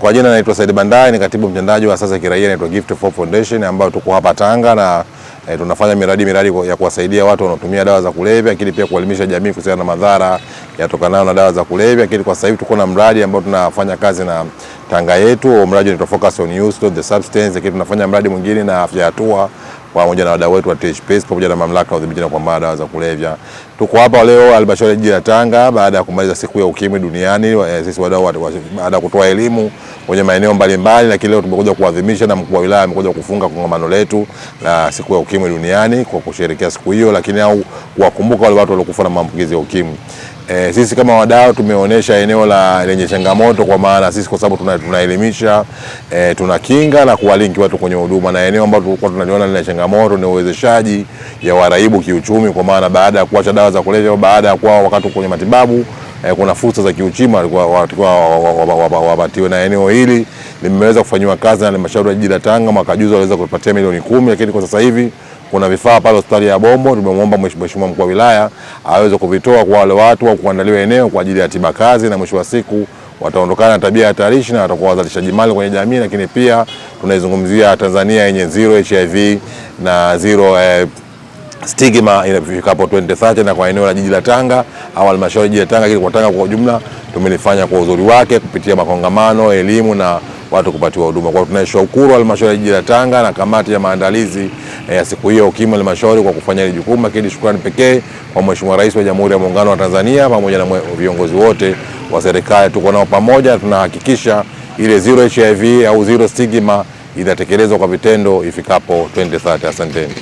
Kwa jina naitwa Said Bandai, ni katibu mtendaji wa asasi ya kiraia inaitwa Gift of Hope Foundation ambayo tuko hapa Tanga na e, tunafanya miradi miradi ya kuwasaidia watu wanaotumia dawa za kulevya, lakini pia kuelimisha jamii kuhusiana na madhara yatokanayo na dawa za kulevya. Lakini kwa sasa hivi tuko na mradi ambao tunafanya kazi na Tanga yetu. Huo mradi unaitwa Focus on Youth Not the Substance, lakini tunafanya mradi mwingine na afya hatua pamoja na wadau wetu wa THPS pamoja na mamlaka ya udhibiti na kupambana dawa za kulevya. Tuko hapa leo halmashauri jiji la Tanga baada ya kumaliza siku ya ukimwi duniani, eh, sisi wadau baada ya kutoa elimu kwenye maeneo mbalimbali, lakini leo tumekuja kuadhimisha na mkuu wa wilaya amekuja kufunga kongamano letu la siku ya ukimwi duniani kwa kusherehekea siku hiyo, lakini au kuwakumbuka wale watu waliokufa na maambukizi ya ukimwi. E, sisi kama wadau tumeonyesha eneo la lenye changamoto, kwa maana sisi kwa sababu tunaelimisha eh, tuna e, tunakinga na kuwalinki watu kwenye huduma, na eneo ambalo tulikuwa tunaliona lina changamoto ni uwezeshaji ya waraibu kiuchumi, kwa maana baada ya kuacha dawa za kulevya baada ya kuwa wakati kwenye matibabu e, kuna fursa za kiuchumi walikuwa wapatiwe, na eneo hili limeweza kufanyiwa kazi na halmashauri ya jiji la Tanga. Mwaka juzi waliweza kupatia milioni kumi, lakini kwa sasa hivi kuna vifaa pale hospitali ya Bombo, tumemwomba mheshimiwa mkuu wa wilaya aweze kuvitoa kwa wale watu au kuandaliwa eneo kwa ajili ya tiba kazi, na mwisho wa siku wataondokana na tabia hatarishi na watakuwa wazalishaji mali kwenye jamii, lakini pia tunaizungumzia Tanzania yenye zero HIV na zero eh, stigma inafikapo 2030 na kwa eneo la jiji la Tanga au halmashauri jiji la Tanga, kwa Tanga kwa ujumla tumelifanya kwa uzuri wake kupitia makongamano, elimu na watu kupatiwa huduma. Kwa tunashukuru halmashauri ya jiji la Tanga na kamati ya maandalizi eh, ya siku hiyo UKIMWI halmashauri kwa kufanya hili jukumu, lakini shukrani pekee kwa Mheshimiwa Rais wa Jamhuri ya Muungano wa Tanzania pamoja na viongozi wote wa serikali. Tuko nao pamoja, tunahakikisha ile zero HIV au zero stigma inatekelezwa kwa vitendo ifikapo 2030. Asanteni.